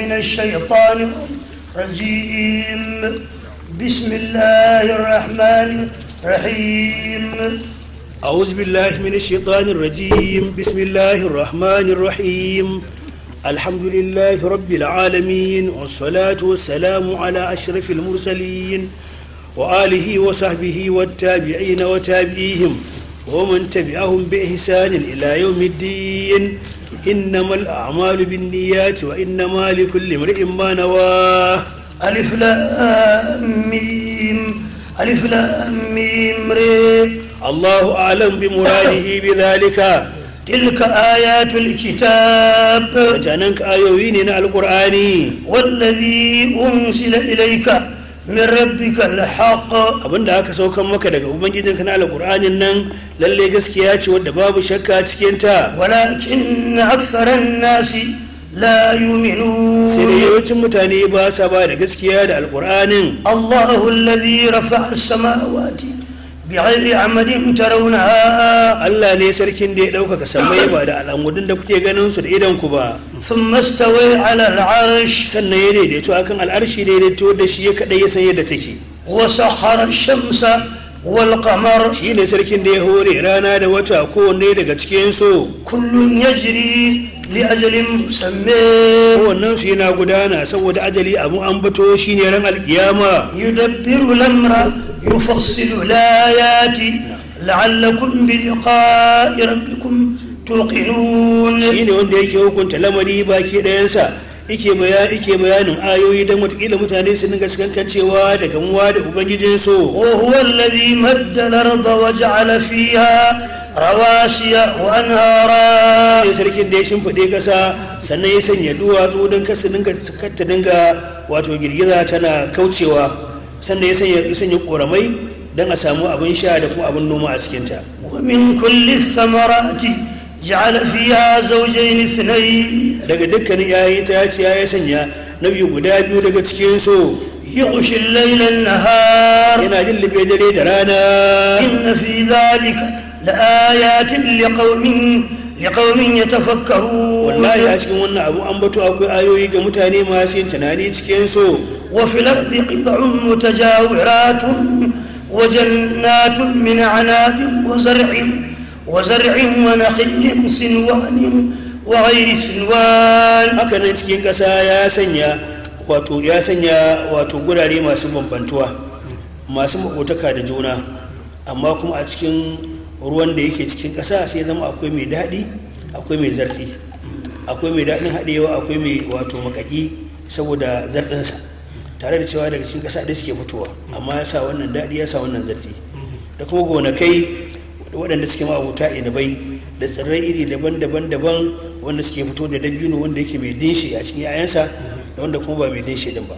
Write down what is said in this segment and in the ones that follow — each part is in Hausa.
من الشيطان الرجيم بسم الله الرحمن الرحيم أعوذ بالله من الشيطان الرجيم بسم الله الرحمن الرحيم الحمد لله رب العالمين والصلاة والسلام على أشرف المرسلين وآله وصحبه والتابعين وتابعيهم ومن تبعهم بإحسان إلى يوم الدين إنما الأعمال بالنيات وإنما لكل امرئ ما نوى ألف لام ميم ألف لام ميم ري الله أعلم بمراده بذلك تلك آيات الكتاب جنك آيوين القرآن والذي أنزل إليك min rabbika alhaq abinda aka saukan maka daga ubangijinka na alqur'anin nan lalle gaskiya ce wadda babu shakka cikin ta walakin aktharan nasi la yu'minun sai dai yawancin mutane ba sa ba da gaskiya da alqur'anin Allahu alladhi rafa'a as-samawati bi'alli amadin tarawunaha Allah ne sarkin da ya ɗaukaka sammai ba da al'amudin da kuke ganin su da idan ku ba sun mastawai ala al'arsh sannan ya daidaito akan al'arshi daidaito da shi ya kaɗai ya san yadda take wasu shamsa wal Shi ne sarkin da ya hore rana da wata kowanne daga cikin su kullun yajri li ajalin musamme wannan su yana gudana saboda ajali abu an bato shine ran alkiyama yudabbiru lamra يفصل الآيات la'allakum bi liqa'i rabbikum tuqinun shine wanda yake hukunta lamari baki dayansa ike maya ike bayanin ayoyi dan watakila mutane su dinga skankancewa da gamuwa da ubangijin so wa huwa alladhi madda arda wa ja'ala fiha rawasiya wa anhara ne sarkin da ya shimfide kasa sannan ya sanya duwatsu don kasu dinga ta dinga wato girgiza tana kaucewa sannan ya sanya ƙoramai don a samu abin sha da kuma abin noma a cikinta min kulli samarati ja'ala fiha zawjayn ithnayn daga dukkanin yayi ta yace ya sanya nabi guda biyu daga cikin su dare da rana. ينادل fi درانا إن في ذلك لآيات لقوم لقوم يتفكرون wallahi a cikin wannan abu an bato akwai ayoyi ga mutane masu yin tunani cikin so وفي الأرض قطع متجاورات وجنات من عناب وزرع وزرع ونخيل سنوان وغير سنوان هكذا cikin ƙasa ya sanya wato ya sanya wato gurare masu bambantuwa masu makotaka da juna amma kuma a cikin ruwan da yake cikin ƙasa sai zama akwai mai daɗi akwai mai zartsi akwai mai daɗin haɗewa akwai mai wato makaƙi saboda zartsinsa tare da cewa daga cikin ƙasa da suke fitowa amma ya sa wannan daɗi ya sa wannan zarti da kuma gonakai waɗanda suke ma'abuta inabai da tsirrai iri daban-daban daban wanda suke fito da dabino wanda yake mai dinshi a cikin 'ya'yansa da wanda kuma ba mai dinshi din ba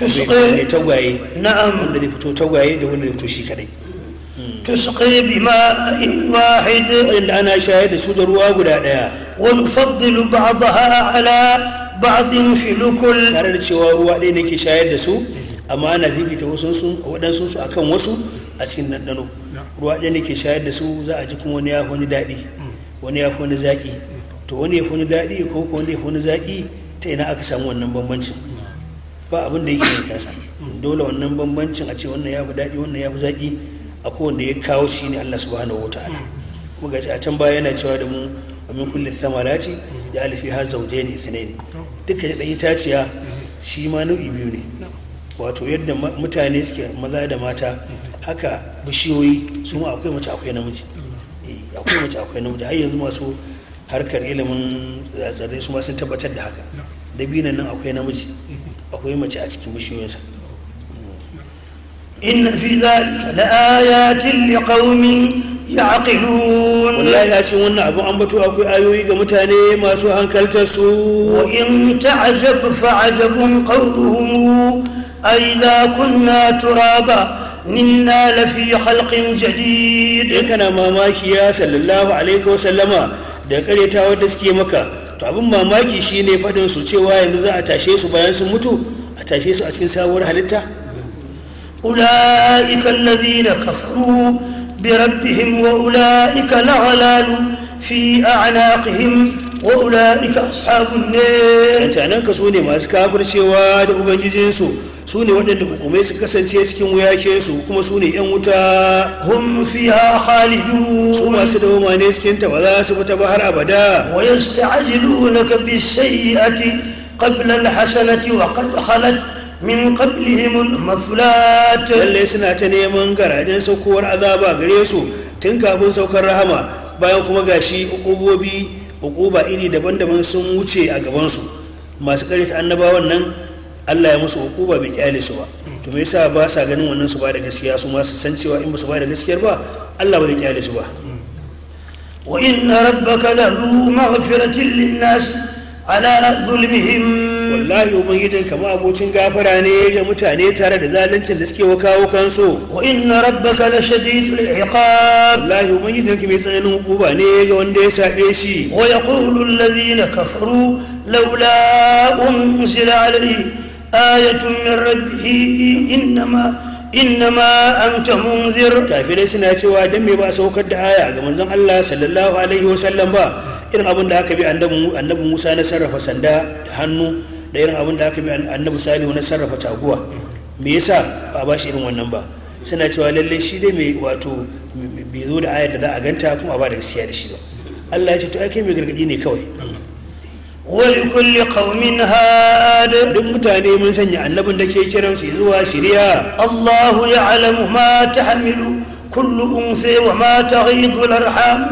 mai tagwaye wanda zai fito tagwaye da wanda zai fito shi kadai hmm. ana shayar da su da ruwa guda daya wa ونفضل ba'daha ala. ba'din fi lukul tare da cewa ruwa ɗaya nake shayar da su amma ana fifita wasu su waɗansu su akan wasu a cikin ɗanɗano ruwa ɗaya nake shayar da su za a ji kuma wani ya wani daɗi wani ya wani zaƙi to wani ya wani daɗi ko wani ya wani zaƙi ta ina aka samu wannan bambancin ba abin da yake yin sa dole wannan bambancin a ce wannan ya fi daɗi wannan ya fi zaƙi a kowanne ya kawo shi ne Allah subhanahu wa ta'ala kuma gashi a can baya yana cewa da mu amin min kulli thamarati ya alifi ha zauje ne ithnai ne duka da itaciya shi ma nau'i biyu ne wato yadda mutane suke maza da mata haka bishiyoyi su ma akwai mace akwai namiji eh, akwai mace akwai namiji har yanzu masu harkar ilimin zazzare su ma sun tabbatar da haka biyu nan akwai namiji akwai mace a cikin bishiyoyinsa إن في ذلك لآيات لقوم yaqilun wallahi a cikin wannan abin an bato akwai ayoyi ga mutane masu hankaltar su in ta'jab fa'ajabun qawluhum أئذا turaba ترابا ننا لفي khalqin jadid kana mamaki ya sallallahu alaihi wa sallama da karyatawa da suke maka to abin mamaki shine fadin su cewa yanzu za a tashe su bayan sun mutu a tashe su a cikin sabuwar halitta ulaika alladhina kafaru بربهم وأولئك لغلال في أعناقهم wa'ula'ika ashabun ne mutanen ka su ne masu kafircewa da ubangijinsu su ne waɗanda hukumai su kasance cikin wuyakensu kuma sune ‘yan wuta hum fiha khalidu su masu dawoma ne cikin ta ba za su fita ba har abada wa yasta'jilunaka bis sayyi'ati qabla al-hasanati wa qad khalat min qablihim al-maslat lalle suna ta neman garajen saukowar azaba gare su tun kafin saukar rahama bayan kuma gashi ukubobi ukuba iri daban-daban sun wuce a gaban su masu ta annabawan nan Allah ya musu ukuba bai kyale su ba to me yasa ba sa ganin wannan su ba da gaskiya su ma su san cewa in ba su ba da gaskiyar ba Allah ba zai kyale su ba mm. wa inna rabbaka lahu maghfiratin lin-nas على ظلمهم والله أبنيتن كما أبوتن غافراني يا متاني تارا دزالن تنسكي وكاو كانسو وإن ربك لشديد العقاب والله أبنيتن كما يتعين مقوباني يا سابيسي ويقول الذين كفروا لولا أنزل عليه آية من ربه إنما innama anta munzir kafirai suna cewa dan me ba saukar da aya ga manzon Allah sallallahu alaihi wasallam ba irin abin da aka bi annabi Musa na sarrafa sanda da hannu da irin abin da aka bi annabi Salihu na sarrafa taguwa me yasa ba ba shi irin wannan ba suna cewa lalle shi dai me wato bai zo da aya da za a ganta kuma ba da gaskiya da shi ba Allah ya ce to ake mai gargadi ne kawai ولكل قوم haɗe. duk mutane mun sanya annabin da ke kiran su zuwa shirya Allahu ya'lamu ma tahmilu kullu unsi wa ma ta al-arham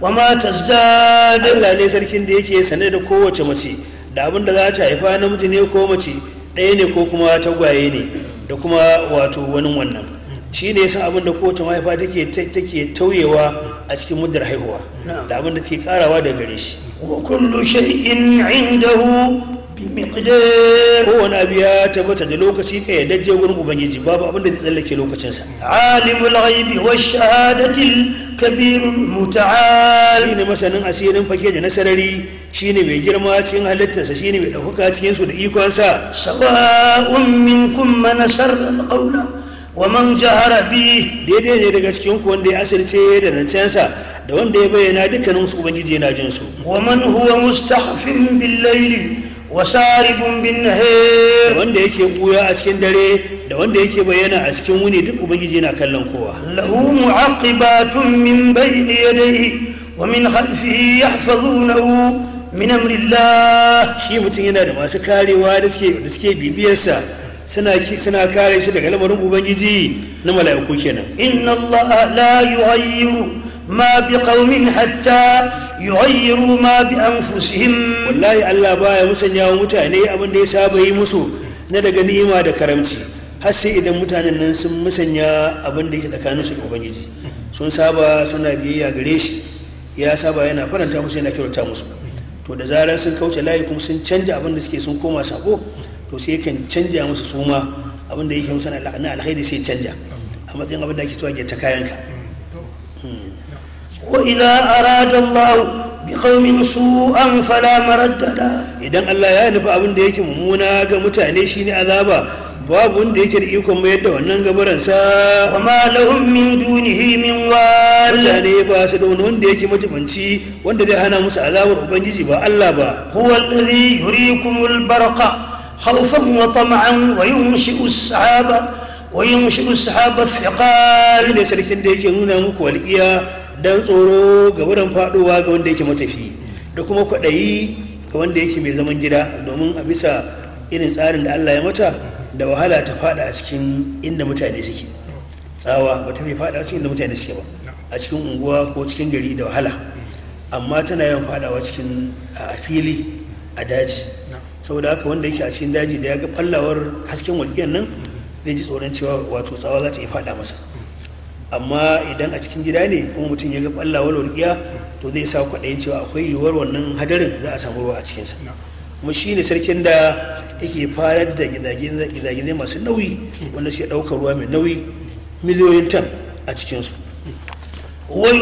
wa ma tazdad Allah ne sarkin da yake sane da kowace mace da abin da za ta haifa namiji ne ko mace ɗaya ne ko kuma tagwaye ne da kuma wato wani wannan shi ne yasa abin da kowace mahaifa take take tauyewa a cikin muddar haihuwa da abin da take karawa da gare shi wa kullu shay'in indahu bi miqdar kowane abu ya tabbata da lokaci kai ya daje gurin ubangiji babu abin da zai tsallake lokacin sa alimul ghaibi wash shahadati kabir muta'al shine masanin asirin fake da nasarari shine mai girma cikin halittarsa shine mai dauka cikin su da ikon sa sawa'un minkum man sarra al wa man jahara bi daidai ne daga cikin ku wanda ya asirce da rancensa, da wanda ya bayyana dukkanin su ubangiji yana jin su wa man huwa mustahfin bil layli wa saribun bin nahar wanda yake buya a cikin dare da wanda yake bayyana a cikin wuni duk ubangiji yana kallon kowa lahu mu'aqibatun min bayni yadayhi wa min khalfihi yahfazunahu min amrillah shi mutum yana da masu karewa da suke da suke bibiyarsa suna kare shi daga lamarin ubangiji na mala'iku kenan inna Allah la yughayyiru ma bi qaumin hatta yughayyiru ma bi anfusihim wallahi Allah baya musanya wa mutane abin da ya saba yi musu na daga ni'ima da karamci har sai idan mutanen nan sun musanya abin da yake tsakanin su da ubangiji sun saba suna biyayya gare shi ya saba yana faranta musu yana kyauta musu to da zarar sun kauce layi kuma sun canja abin da suke sun koma sako to sai yakan canja musu suma abin da yake musu na alkhairi sai canja a matsayin abin da ake cewa ta kayan ka hmm. wa idza arada Allah bi qaumin su'an fala maradda idan Allah ya nufi abin da yake mummuna ga mutane shine azaba babu wanda yake da ikon mayar da wannan gaba wa kuma lahum min dunihi min wal mutane ba su da wani wanda yake matumanci wanda zai hana musu azabar ubangiji ba Allah ba huwa alladhi yurikumul barqa خوفا وطمعا وينشئ السحاب وينشئ السحاب الثقال ne sarkin da yake nuna muku walƙiya dan tsoro ga wurin faɗowa ga wanda yake matafi da kuma kwaɗayi ga wanda yake mai zaman gida domin a bisa irin tsarin da Allah ya mata da wahala ta fada a cikin inda mutane suke tsawa ba ta mai fada cikin inda mutane suke ba a cikin unguwa ko cikin gari da wahala amma tana yawan faɗawa cikin a fili a daji saboda haka wanda yake a cikin daji da ya ga fallawar hasken walƙiyar nan zai ji tsoron cewa wato tsawa za ta yi fada masa amma idan a cikin gida ne kuma mutum ya ga fallawar walƙiya to zai sa kwaɗayin cewa akwai yiwuwar wannan hadarin za a samu ruwa a cikinsa kuma shi ne sarkin da yake farar da gidagidai masu nauyi wanda suke ɗaukar ruwa mai nauyi miliyoyin tan a cikinsu ar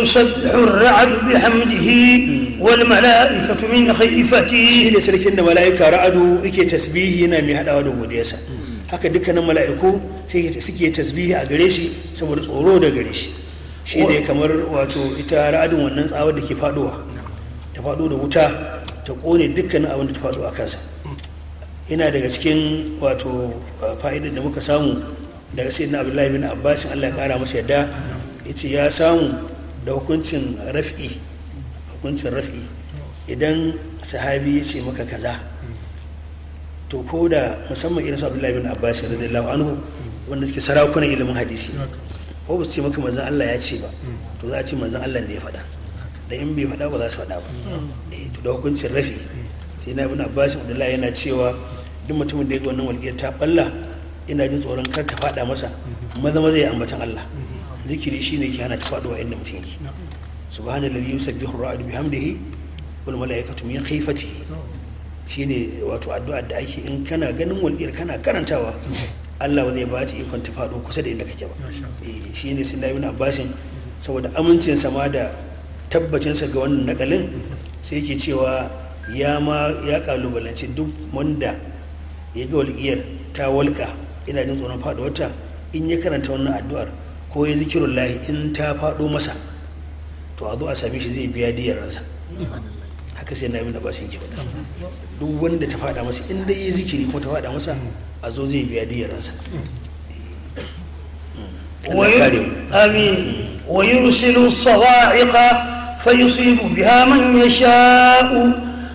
الرعد bihamdihi walmala'ikatu min khifati shine sarkin da mala'ika ra'adu yake tasbihi yana mai hadawa da godiyarsa haka dukkanin mala'iku suke tasbihi a gare shi saboda tsoro da gare shi shi ne kamar wato ita ra'adin wannan tsawar da ke faduwa ta fado da wuta ta kone dukkanin abin da ta fado a kansa yana daga cikin wato fa'idar da muka samu daga sayyidina abdullahi bin abbasin allah ya kara masa yadda ya ya samu da hukuncin raf'i hukuncin rafi idan sahabi ya ce maka kaza to ko da musamman irin sabbin labin bin abbas radiyallahu anhu wanda suke sarakunan ilimin hadisi ko ba su ce maka manzon Allah ya ce ba to za a ce manzon Allah ne ya faɗa da in bai faɗa ba za su faɗa ba eh to da hukuncin rafi sai na bin abbas abdullahi yana cewa duk mutumin da ya ga wannan walƙiyar ta balla ina jin tsoron kar ta faɗa masa maza maza ya ambaton Allah zikiri shine ke hana ta faɗuwa inda mutum yake subhanallazi yusabbihu ar-ra'du bihamdihi wal ya kaifati. Shi ne wato addu'ar da ake in kana ganin walƙiyar kana karantawa Allah ba zai ba ta ikon ta faɗo kusa da inda kake ba shi eh, shine sun damina abashin saboda amincin sama da tabbacinsa ga wannan nakalin sai ke cewa ya ma ya kalubalanci duk wanda ya ga walƙiyar ta walƙa ina jin tsoron faɗuwarta in ya karanta wannan addu'ar ko ya zikirullahi in ta faɗo masa to a zo a same shi zai biya diyar ransa haka sai na yi abbas yake faɗa duk wanda ta fada masa in dai zikiri kuma ta fada masa a zo zai biya diyar ransa eh. amin wa yursilu sawa'iqa فيصيب بها من يشاء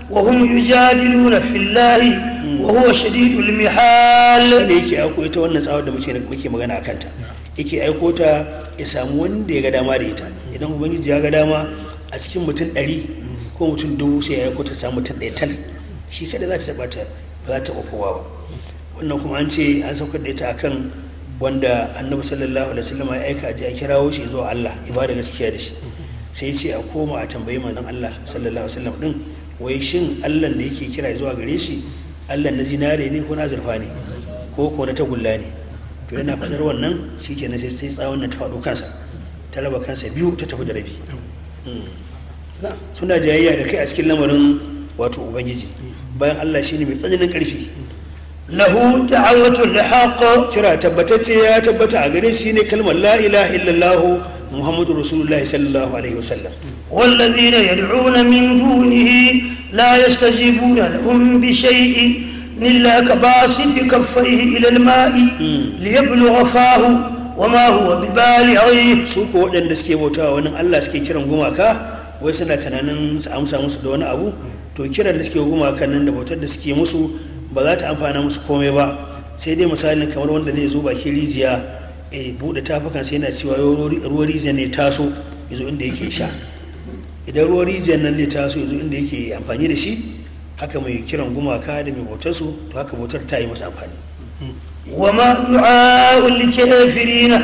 وهم يجادلون fillahi wa huwa شديد المحال shi ne yake akwai ta wannan tsawon da muke magana a kanta yake aiko ta ya samu wanda ya ga dama da ita idan ubangiji ya ga dama a cikin mutum ɗari ko mutum dubu sai ya aiko ta samu mutum ɗaya tal shi kada za ta taɓa ta ba za ta taɓa kowa ba wannan kuma an ce an saukar da ita akan wanda annabi sallallahu alaihi wasallam ya aika ji a kirawo shi zuwa Allah ya bada gaskiya da shi sai ce a koma a tambayi manzon Allah sallallahu alaihi wasallam din wai shin Allah da yake kira zuwa gare shi Allah na zinare ne ko na azurfa ne ko ko na tagulla ne to yana fadar wannan shi kenan sai sai tsawon nan ta faɗo kansa ta raba kansa biyu ta tafi da rabi hmm. suna jayayya da kai a cikin lamarin wato ubangiji bayan allah shi ne mai tsananin ƙarfi lahu da'awatul haqq kira tabbatacce ya tabbata a gare shi ne kalmar la ilaha illallah muhammadu rasulullah sallallahu alaihi wasallam wallazina yad'una min dunihi la yastajibuna lahum bi shay'in إلا كباسط كفيه إلى الماء ليبلغ فاه wama huwa bi balighi su ko waɗanda suke bautawa wani Allah suke kiran gumaka wai suna tunanin su amsa musu da wani abu to kiran da suke gumaka nan da bautar da suke musu ba za ta amfana musu komai ba sai dai misalin kamar wanda zai zo baki rijiya buɗe tafakan tafukan yana cewa ruwan rijiya ne taso yazo inda yake sha idan ruwan rijiyar nan zai taso yazo inda yake amfani da shi haka mai kiran gumaka da mai bautar su to haka bautar ta yi masa amfani wa ma du'a'ul kafirina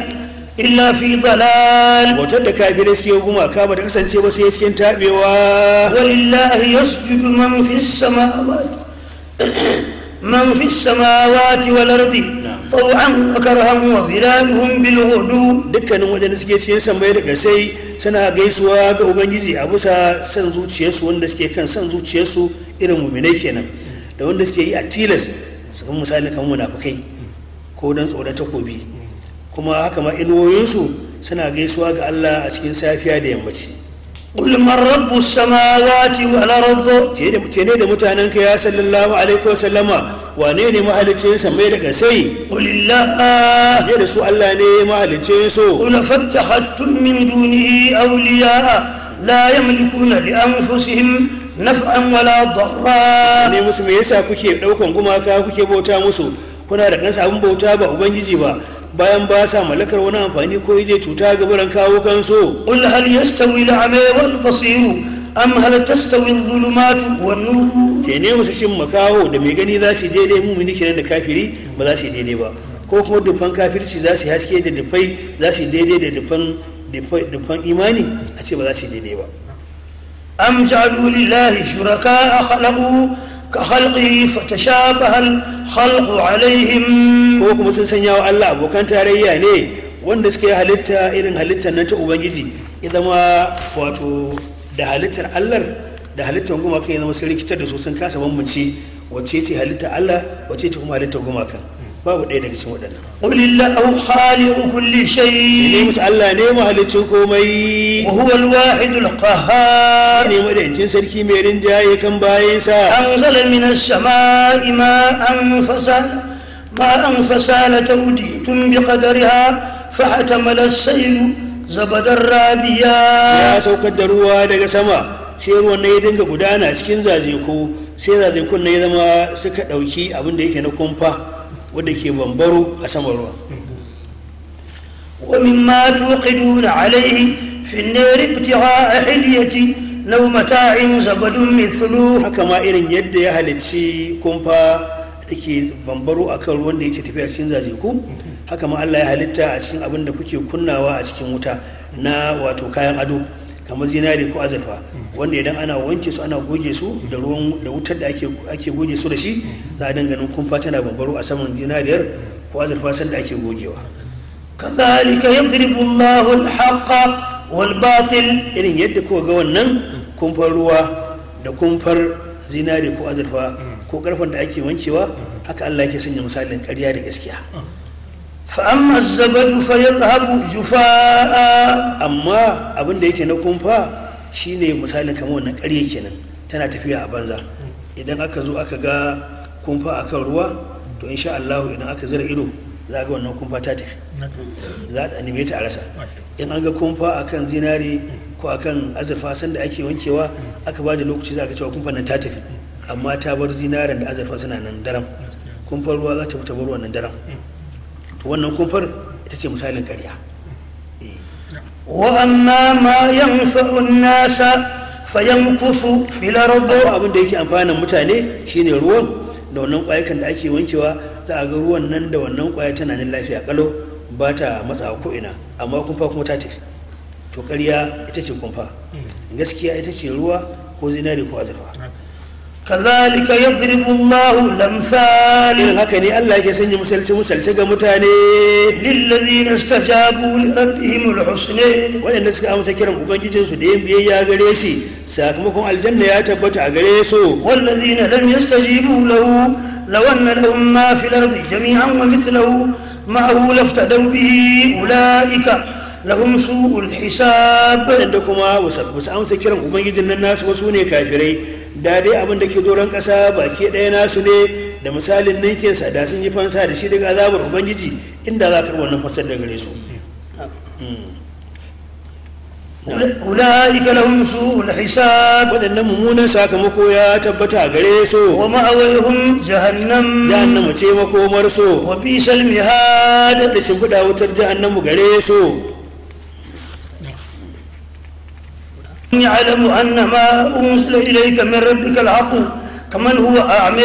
illa fi dalal bautar da kafirai suke gumaka ba da kasance ba sai cikin tabewa walillahi yasjudu man fis samawati man fis samawati wal ardi taw'an wa karhan wa zilaluhum bil hudu. dukkanin wajen suke cikin samai da gasai suna gaisuwa ga ubangiji a bisa san zuciyarsu wanda suke kan san zuciyarsu irin muminai kenan da wanda suke yi a tilas su kan misali kamar munafukai ko don tsoron takobi kuma haka ma inuwoyinsu suna gaisuwa ga Allah a cikin safiya da yammaci قل من رب السماوات والأرض تيني da mutanen ka ya sallallahu alaihi wa ne ne ne mahalicin samai da kasai qul illah da su Allah ne mahalicin su qul hattun min dunihi awliya la yamlikuna li anfusihim naf'an wala darra ne musu me yasa kuke daukan gumaka kuke bauta musu kuna da kansa abin bauta ba ubangiji ba bayan ba sa mallakar wani amfani ko yaje cuta ga buran kawo kansu qul hal yastawi al-ama wal basir am hal tastawi adh-dhulumat wan nur ce ne musu shin makaho da mai gani za su daidai mumini kenan da kafiri ba za su daidai ba ko kuma dufan kafirci za su haske da dufai za su daidai da dufan imani a ce ba za su daidai ba أم جعلوا لله شركاء خلقوا كخلقه فتشابه الخلق عليهم وكما سنسنيا الله وكان تاريا ني wanda suke halitta irin halittar nan ta ubangiji ya zama wato da halittar allar da halittar gumakan ya zama sun da su sun kasa bambance wacce ce halittar allah wacce ce kuma halittar gumakan babu ɗaya daga cikin waɗannan qulillahu khaliqu kulli shay ne musu Allah ne mu halicci komai wa huwa alwahidul qahhar ne madaicin sarki mai rinjaye kan bayin sa anzala minas samai ma'an fasala ماء فسال توديت بقدرها as-sayl zabadar rabiya ya saukar da ruwa daga sama sai ruwan ya dinga gudana cikin zazeku sai zazekun ne ya zama suka dauki abin da yake na kumfa wadda ke bambaro a saman ruwa ومما alaihi عليه في النار ابتغاء حلية لو متاع زبد مثله haka ma irin yadda ya halicci kumfa da ke bambaro kan ruwan da yake tafiya cikin ku haka ma Allah ya halitta a cikin abin da kuke kunnawa a cikin wuta na wato kayan ado kamar zinari ko azurfa wanda idan ana wanke su ana goge su da ruwan da wutar da ake goge su da shi za a dinga kumfa tana bambaro a saman zinariyar ko azurfa sanda ake gogewa kazalika yadribu Allahu al-haqqa wal batil irin yadda kuka ga wannan kumfar ruwa da kumfar zinari ko azurfa ko karfan da ake wankewa haka Allah yake sanya misalin ƙarya da gaskiya fa'amma zabadu fayazhabu jufa'a amma abin da yake na kumfa shine misalin kamar wannan ƙarye kenan tana tafiya a banza idan aka zo aka ga kumfa akan ruwa to insha Allah idan aka zira ido za a ga wannan kumfa ta tafi za a nime ta a rasa in an ga kumfa akan zinare ko akan azurfa sanda ake wankewa aka ba da lokaci za a cewa kumfa nan ta tafi amma ta bar zinaren da azurfa suna nan daram kumfar ruwa za ta fita bar wannan daram to wannan kumfar ita ce misalin ƙarya eh. wa ma yan fa'un nasa fayankufu filardo abin da yake amfanin mutane shine ruwan da wannan kwayakan da ake wankewa za a ga ruwan nan da wannan kwaya tana nan lafiya kalo ba ta matsa ko amma kumfa kuma ta tafi to ƙarya ita ce kumfa hmm. gaskiya ita ce ruwa ko zinari ko azurfa kazalika yadribu Allahu lamsal irin haka ne Allah ke sanya misalci misalci ga mutane lillazina istajabu li rabbihim alhusna wayanda suka amsa kiran ubangijinsu da yin biyayya gare shi sakamakon aljanna ya tabbata a gare su wallazina lam yastajibu lahu law anna daun ma fil jami'an wa mithluhu ma'ahu lafta bihi ulaika lahum su'ul hisab da kuma wasu amsa kiran ubangijin nan nasu wasu ne kafirai da dai abin da ke doron kasa baki ɗaya nasu ne da misalin ninkinsa da sun yi fansa da shi daga azabar ubangiji inda za ka wannan fasar da gare su ulaika lahum su'ul hisab wadannan mummunan sakamako ya tabbata a gare su wa ma'awahum jahannam jahannam ce makomar su wa bisal mihad da shimfiɗa wutar jahannamu gare su يعلم أن ما أنزل إليك من ربك الحق كمن هو أعمى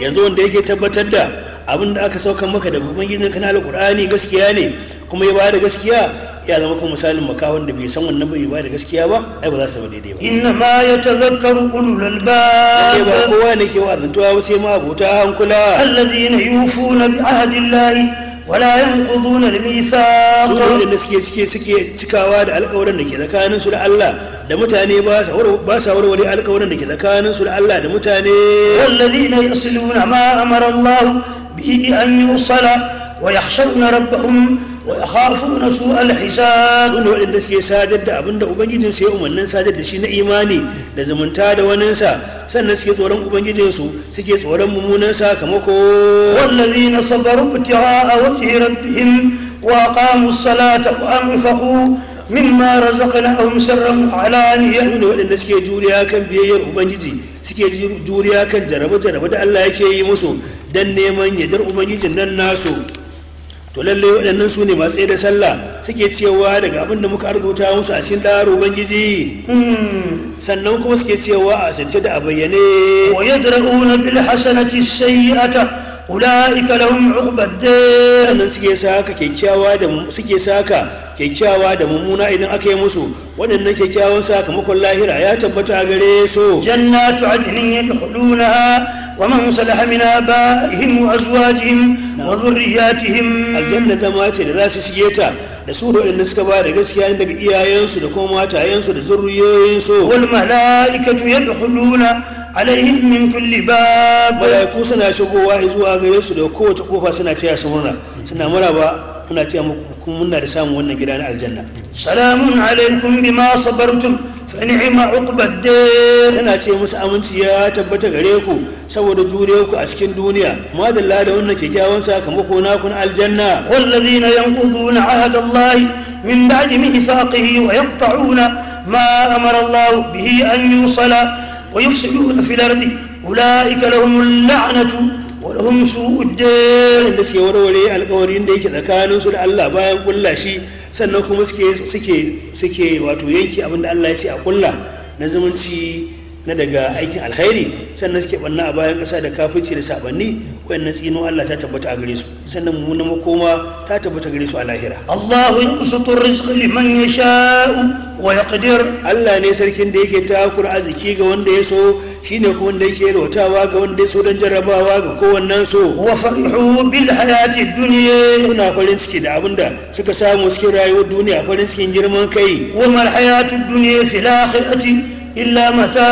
yanzu wanda yake tabbatar da abin da aka sauka maka da ubangijin kana alkur'ani gaskiya ne kuma ya bada gaskiya ya zama kuma misalin maka da bai san wannan bai bada gaskiya ba ai ba za su ba daidai ba inna ma yatazakkaru ulul albab ba kowa ne ke wa'azantuwa ba sai ma abota hankula allazina yufuna bi ahdillahi wala yanquduna al-mithaq su da suke suke suke cikawa da alƙawarin da ke tsakanin su da Allah da mutane ba sa ba sa warware alƙawarin da ke tsakanin su da Allah da mutane wallazina yasluna ma amara Allah bihi an yusala wa yakhshawna rabbahum wa yakhafuna su'al hisab sun waɗanda suke sadar da abinda ubangijin su ya umarnin sadar da shi na imani da zumunta da waninsa sannan suke tsoron ubangijin su suke tsoron mummunan sakamako wallazina sabaru ibtigha'a wajhi rabbihim wa aqamu as-salata wa anfaqu mimma razaqnahum sirran alaniya sune waɗanda suke juriya kan biyayyar ubangiji suke juriya kan jarabe-jarabe da Allah yake yi musu dan neman yadar ubangijin nan nasu to lalle waɗannan su ne masu da sallah suke cewa daga abin da muka arzuta musu a cikin ɗaro ubangiji hmm. sannan kuma suke cewa a sance da a bayyane wa yadra'una bil hasanati sayyi'ata ula'ika lahum uqbad dar suke saka kyakkyawa da suke saka kyakkyawa da mummuna idan aka yi musu waɗannan kyakkyawan sakamakon lahira ya tabbata gare su jannatu adnin yadkhulunaha ومن صلح من آبائهم وأزواجهم وذرياتهم الجنة ما تي ta سيجيتا da su waɗanda suka ba da gaskiya inda ga iyayensu da kuma matayensu da zurriyoyinsu wal mala'ikatu yadkhuluna alaihim min kulli bab malaiku suna shigowa zuwa gare su da kowace kofa suna taya su murna suna maraba muna taya muku muna da samun wannan gida na aljanna salamun alaikum bima sabartum فنعم عقب الدين سنة شيء مس أمن سيا تبت غريكو سو دجوريكو أشكن دنيا ما دل هذا أن كجا ونسا كم كنا كن الجنة والذين ينقضون عهد الله من بعد ميثاقه ويقطعون ما أمر الله به أن يوصل ويفسدون في الأرض أولئك لهم اللعنة walahum su'uddin da suke warware alkawarin da yake su da Allah bayan kulla shi sannan kuma suke suke suke wato yanki abinda Allah ya ce a kulla na zumunci na daga aikin alkhairi sannan suke banna a bayan ƙasa da kafirci da sabanni wayannan tsino Allah ta tabbata a gare su sannan mu na makoma ta tabbata gare su a lahira Allahu yusutur man liman yasha'u wa yaqdir Allah ne sarkin da yake takur arziki ga wanda ya so shine kuma wanda yake rotawa ga wanda ya so don jarrabawa ga kowannen so wa farihu bil hayati dunya suna farin ciki da abinda suka samu cikin rayuwar duniya farin cikin girman kai wa mal hayatu dunya fil akhirati illa mata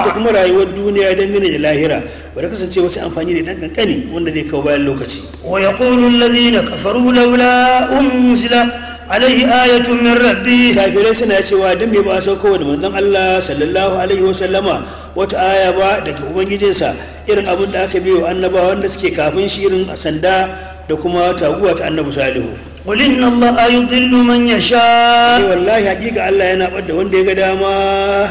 ita kuma rayuwar duniya dangane da lahira ba da kasance wasu amfani da dan kankani wanda zai kawo bayan lokaci wa yaqulu alladhina kafaru laula unzila alaihi ayatun min rabbi kafirai suna cewa dan me ba a sauko da manzon Allah sallallahu alaihi wa sallama wata aya ba daga ubangijinsa irin abin da aka biyo annabawa wanda suke kafin shi irin sanda da kuma taguwa ta annabi salihu qul inna allaha yudillu man yasha wallahi hakika Allah yana bada wanda ya ga dama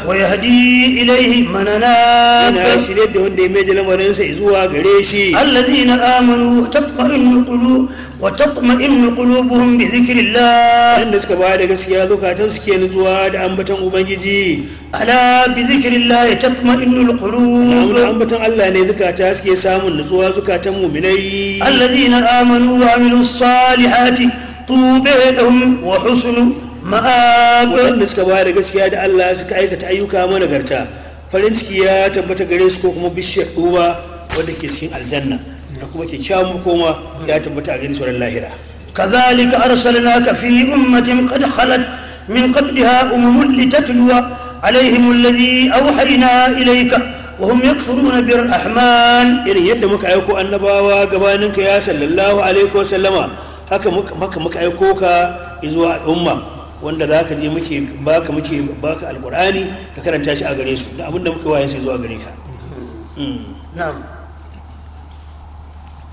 wa yahdi ilayhi man anab yana da wanda ya meje lamarin sa zuwa gare shi alladhina amanu tatma'innu qulub wa tatma'innu qulubuhum bi dhikrillah wanda suka bada gaskiya zukatan su ke nutsuwa da ambaton ubangiji ala bi dhikrillah tatma'innu alqulub ambaton Allah ne zukata suke samun nutsuwa zukatan mu'minai alladhina wa tube lahum wa husnu ma'ab wanda suka ba da gaskiya da Allah suka aikata ayyuka mana garta farin ciki ya tabbata gare su ko kuma bishiyar duba wanda ke cikin aljanna da kuma kyakkyawan koma ya tabbata gare su ran lahira kazalika arsalnaka fi ummatin qad khalat min qablha umumun litatluwa alaihim alladhi awhayna ilayka wa hum yakfuruna bir rahman irin yadda muka aiko annabawa gabaninka ya sallallahu alaihi wa sallama haka maka muka aiko ka zuwa al'umma wanda za ka je muke baka muke baka alqur'ani ka karanta shi a gare su da abinda muka wayan sai zuwa gare ka hmm.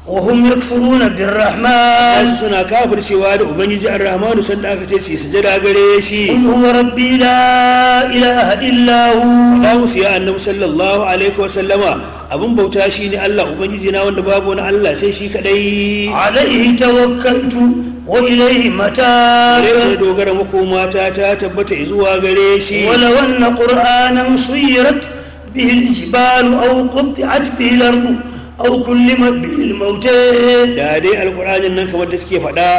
wa hum yakfuruna birrahman suna kafircewa da ubangiji arrahmanu san da aka ce su sujada gare shi in huwa rabbi la ilaha illa hu da musu ya annabi sallallahu abin wa sallama abun bauta shine Allah ubangiji na wanda babu wani Allah sai shi kadai alaihi tawakkaltu wa ilaihi mata sai dogara muku mata ta tabbata zuwa gare shi wala wannan qur'anan suyirat bihi al aw qutti'at bihi al-ardh au kullima bil maute da dai alqur'anin nan kamar da suke faɗa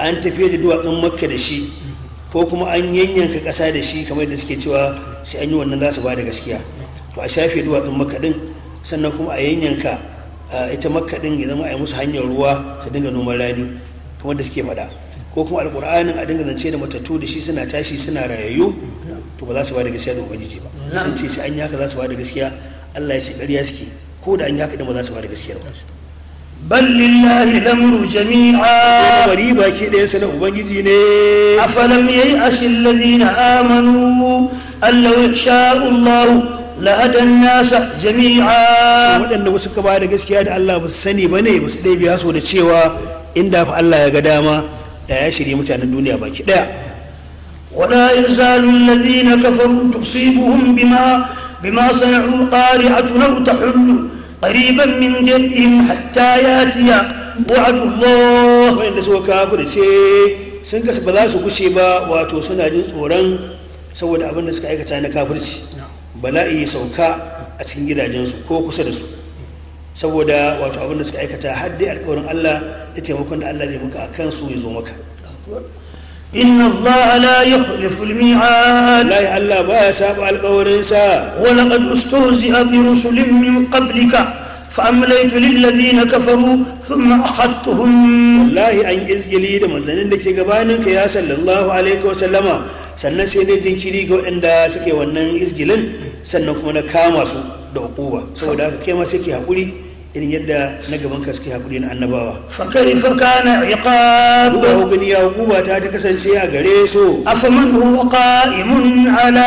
an tafiye da duwatsun makka da shi ko kuma an yanyanka ƙasa da shi kamar da suke cewa sai an yi wannan za su ba da gaskiya to a shafe duwatsun makka din sannan kuma a yanyanka ita makka din ya zama a yi musu hanyar ruwa su dinga noman rani kamar da suke faɗa ko kuma alƙur'anin a dinga zance da matattu da shi suna tashi suna rayayyu to ba za su ba da gaskiya da ubangiji ba sun ce sai an yi haka za su ba da gaskiya allah ya ce ƙarya suke ko da an yi haka din ba za su ba da gaskiyar ba bal lamru jami'a bari baki ɗayan sa na ubangiji ne a ya afalam lalli na amanu allahu sha'u allah lahadan nasa jami'a waɗanda wasu ka ba da gaskiya da Allah ba su sani ba ne ba su ɗaya biya so da cewa inda fa Allah ya ga dama da ya shirya mutanen duniya baki ɗaya wala yazalu allazina kafaru tusibuhum bima bima قريبا من جلهم حتى ياتي وعد الله وين سو كاكو دي سي سن كاس بلا سو غشي با واتو سنا جين تسوران saboda abin da suka aikata na kafirci bala'i ya sauka a cikin gidajensu ko kusa da su saboda wato abin da suka aikata har dai alƙawarin Allah ya taimakon da Allah zai maka akan su ya zo maka إن الله لا يخلف الميعاد لا الله باسا يسابع ولقد استهزئ برسل من قبلك فأمليت للذين كفروا ثم أخذتهم والله أن إزجلي دم ذنن دك سيغبانك يا صلى الله عليه وسلم سنة سيدة جنشري قو عند سكي ونن إزجلن سنة كمنا كاماسو دعقوبة سوداك كيما سكي هقولي irin yadda na gaban ka suke haƙuri na annabawa fakaifa kana iqab duba hukuni ya guba ta ta kasance a gare su afaman huwa qa'imun ala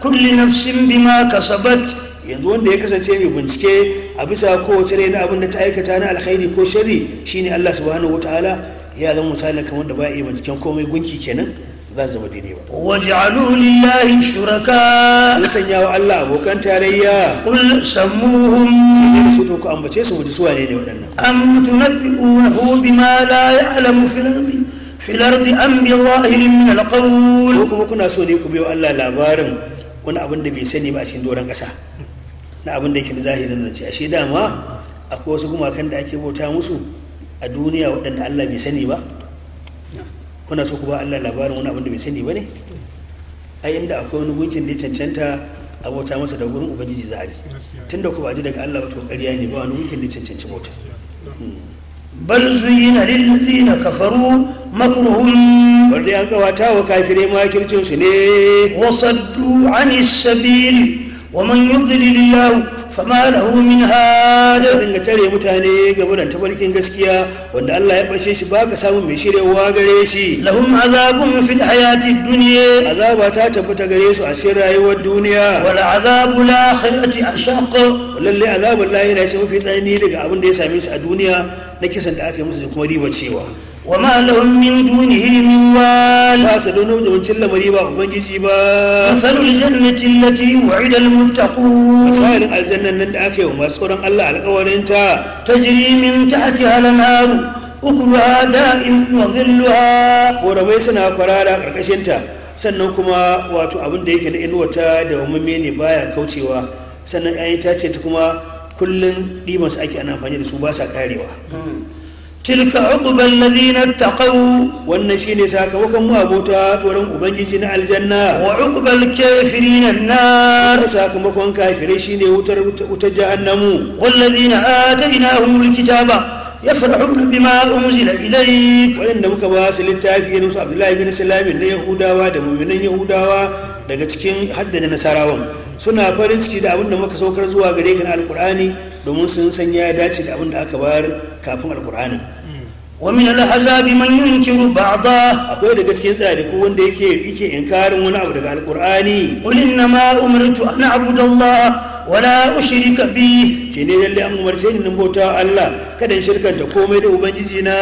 kulli nafsin bima kasabat yanzu wanda ya kasance mai bincike a bisa kowace rai na abin da ta aikata na alkhairi ko shari shine Allah subhanahu wataala ya zama misali kamar da ba ya binciken komai gunki kenan za zama daidai ba waje lillahi shuraka sun sanya wa Allah abokan tarayya kul sammuhum sai da su to ku ambace su wuce su wane ne waɗannan am tunabbi'unahu bima la ya'lamu fil ardi fil ardi am bi zahirin min al qawl ko kuma kuna so ne ku biyo Allah labarin wani abin da bai sani ba a cikin doron ƙasa na abin da yake da zahirin a shi dama akwai wasu gumakan da ake bauta musu a duniya waɗanda Allah bai sani ba kuna so ku ba Allah labarin wani abin da bai sani ba ne a inda akwai wani gunkin da ya cancanta a bauta masa da gurin ubangiji za a ji tun da ku ba ji daga Allah ba to ƙarya ne ba wani gunkin da ya cancanci bauta hmm. bal zuyina lil ladina kafaru makruhum bal an gawata wa kafirai makircin su ne wasaddu anis sabili wa man yudlilillahu fama lahu min hada dinga tare mutane game da tabarkin gaskiya wanda Allah ya bashe shi baka samu mai shirewa gare shi lahum azabun fil hayati dunya azaba ta tabbata gare su a cikin rayuwar duniya wal la akhirati ashaq lalle lahi ne shi mafi tsani daga abin da ya same su a duniya na kisan da aka yi musu da kuma riba cewa wa ma lahum min dunihi min wal ba sa dono da wancin lamari ba ubangiji ba masalul jannati wa wa'ida al muttaqun masalin aljannan nan da aka yi wa masu tsoron Allah alkawarin ta tajri min tahtiha al anhar ukuluha da'im wa dhilluha gorabai suna kwarara karkashin ta sannan kuma wato abin da yake na inuwata da wamamme ne baya kaucewa sannan 'ya'yan tace ta kuma kullum ɗimansu ake ana amfani da su ba sa karewa hmm. tilka uqbal ladina taqaw wannan shine sakamakon mu abota tsoron ubangiji na aljanna wa uqbal kafirin annar sakamakon kafirai shine wutar wutar jahannamu wal atainahum alkitaba yafrahun bima unzila ilayk wanda muka ba su littafi ne su abdullahi bin salam na yahudawa da mu'minan yahudawa daga cikin haddana nasarawan suna farin ciki da abin da muka saukar zuwa gare ka na alkur'ani domin sun san ya dace da abin da aka bayar kafin alkur'anin wa min al-ahzabi man yunkiru ba'da akwai daga cikin tsariku wanda yake yake inkarin wani abu daga alqur'ani qul inna ma umirtu an a'budu wala ushrika bi ce ne lalle an umarce ni nan bauta Allah kada shirkanta komai da ubangiji na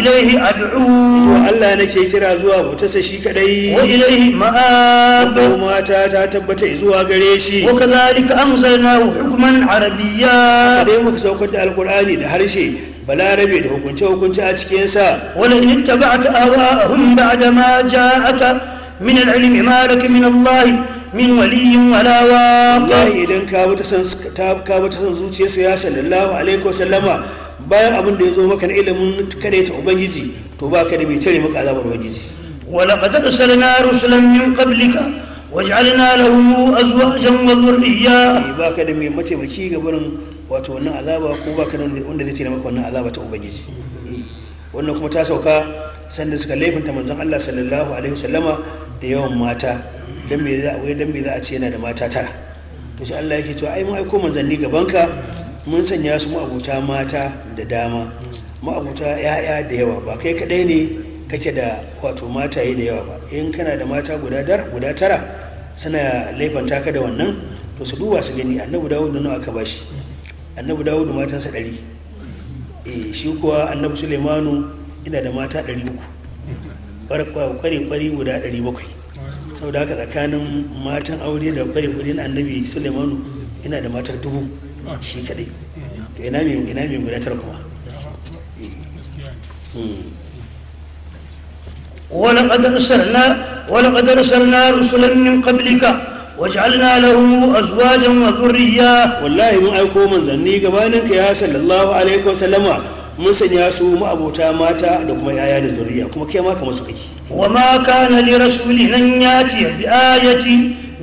ilaihi ad'u zuwa Allah nake kira zuwa bautarsa shi kadai wa ilaihi ma'ab kuma ta ta tabbata zuwa gare shi wa kadhalika anzalnahu hukman arabiyya dai muka saukar da alqur'ani da harshe balarabe da hukunce-hukunce a cikinsa wani in taba a ta'awa a hun ba da ma ja aka min al'ilmi ma da ka min allahi min waliyin walawa wallahi idan ka bi ta san zuciyarsu ya sallallahu alaihi wasallama bayan abin da ya zo maka na ilimin kada ta ubangiji to ba ka da bai tare maka azabar ubangiji wala qad arsalna rusulan min qablika waj'alna lahum azwajan wa dhurriyya eh, ba ka da mai mataimaki ga barin wato wannan azaba ko ba ka wanda zai tare maka wannan azaba ta ubangiji eh, wannan kuma ta sauka sanda suka laifinta manzon Allah sallallahu alaihi wasallama da yawan mata dan me za a dan me za a ce yana da mata tara to sai Allah yake to ai mun aiko manzanni ka mun sanya su mu mata da dama mu yaya da yawa ba kai kadai ne kake da wato mataye da yawa ba in kana da mata guda dar guda tara suna laifanta ka da wannan to su duba su gani annabi dawud nan aka bashi annabi dawudu matansa ɗari E! shi kuwa annabi Sulemanu ina da mata ɗari uku kware-kware guda ɗari bakwai saboda haka tsakanin matan aure da kware-kware na annabi Sulemanu ina da mata dubu shi kaɗai to ina mai ina mai guda tara kuma ولقد أرسلنا ولقد أرسلنا رسلا من قبلك waj'alna lahu azwajan wa dhurriyya wallahi mun aiko manzanni gabanin ka ya sallallahu alaihi wa sallama mun sanya su ma'abota mata da kuma yaya da zuriya kuma kai ma ka masu kake wa ma kana li rasulin an yati bi ayati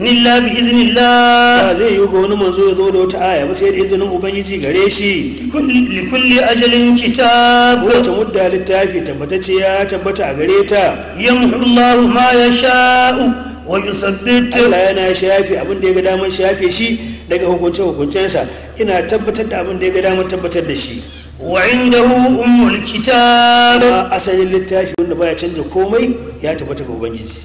illa bi iznillah ba zai yi ga wani manzo ya zo da wata aya ba sai da izinin ubangiji gare shi li kulli ajalin kitab ta mudda littafi ce ya tabbata a gare ta yamhu allah ma yasha'u wa yusabbit Allah yana shafe abin da ya ga damar shafe shi daga hukunce hukuncensa ina tabbatar da abin da ya ga damar tabbatar da shi wa indahu ummul kitab asalin littafi wanda baya canza komai ya tabbata ga ubangiji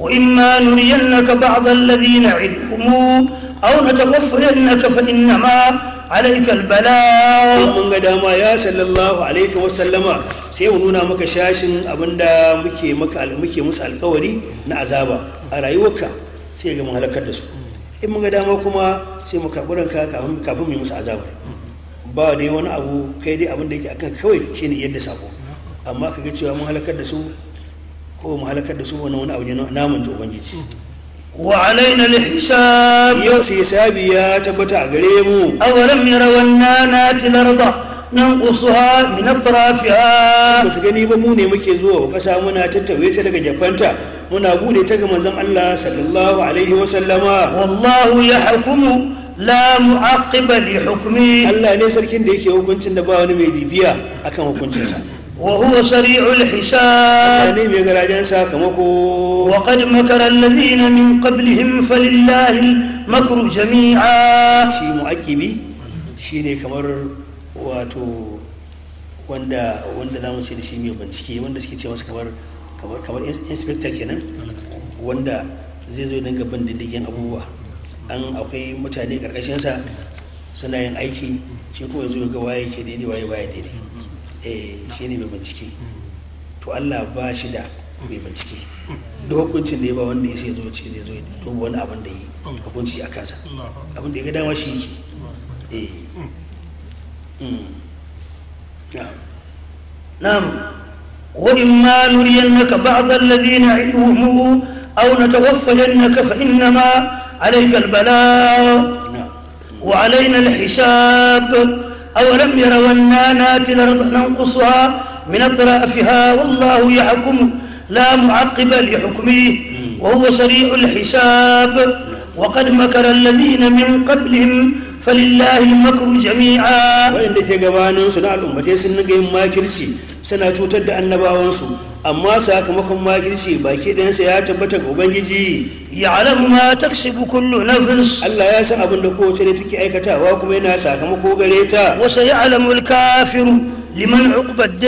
wa imma nuriyannaka ba'd alladhi na'idhum aw natawaffayannaka fa innama alaika albala mun ga dama ya sallallahu alaihi wa sallama sai mu nuna maka shashin abinda muke maka muke musu alƙawari na azaba a rayuwarka sai ga mahalakar da su in mun ga dama kuma sai mu karɓi ranka kafin mu yi musu azabar ba dai wani abu kai dai abin da yake akan kawai shi ne yadda sako amma ka ga cewa mun halakar da su ko mu halakar da su wani wani abu ne namun ji ubangiji وعلينا الحساب يوسي سابي يا A قريمو أولم يروا أنا ناتي الأرض nanqusuha min atrafiha ba su gani ba mu ne muke zuwa kasa muna tattawaye ta daga jafanta muna bude ta ga manzon Allah sallallahu alaihi wa sallama wallahu yahkumu la mu'aqqiba li hukmi Allah ne sarkin da yake hukuncin da ba wani mai bibiya akan hukuncinsa وهو سريع الحساب وقد مكر الذين من قبلهم فلله المكر جميعا شي مؤكبي شي ne kamar wato wanda wanda za mu ce da shi mai bincike wanda suke ce masa kamar kamar kamar inspector kenan wanda zai zo dinga bin diddigin abubuwa an akwai mutane sa suna yin aiki shi kuma yanzu ga waye ke daidai waye baya daidai eh shi ne mai bincike to Allah ba shi da mai bincike duk hukuncin da ya ba wanda ya sai zo ce zai zo ya duba wani abin da ya hukunci a kansa abin da ya ga dama shi yake eh نعم نعم وإما نرينك بعض الذي نعدهم أو نتوفينك فإنما عليك البلاء وعلينا الحساب أولم يروا ناتي الأرض ننقصها من أطرافها والله يحكم لا معقب لحكمه وهو سريع الحساب وقد مكر الذين من قبلهم falillahi makru jami'a wayanda ke gabanin su na al'ummatai sun niga yin makirci suna cutar da annabawansu amma sakamakon makirci baki ɗayansa ya tabbata ga ubangiji ya alamu ma taksibu na nafis Allah ya san abin da kowace ne take aikatawa kuma yana sakamako gare ta wasa ya alamu kafiru liman uqbad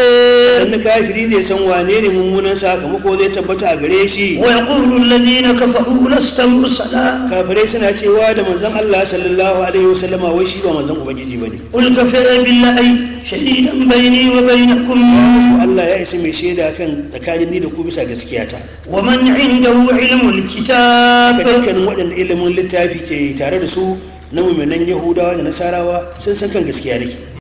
sannan kafiri zai san wane ne mummunan sakamako zai tabbata a gare shi wa yaqulu alladhina kafaru lasta mursala kafirai suna cewa da manzon Allah sallallahu alaihi wasallama wai shi ba manzon ubangiji bane ul kafa'a billahi shahidan bayni wa bainakum su Allah ya isa mai shaida kan tsakanin ni da ku bisa gaskiya ta wa man indahu ilmul kitab dukkanin waɗanda ilimin littafi ke tare da su na muminan yahudawa da nasarawa sun san kan gaskiya nake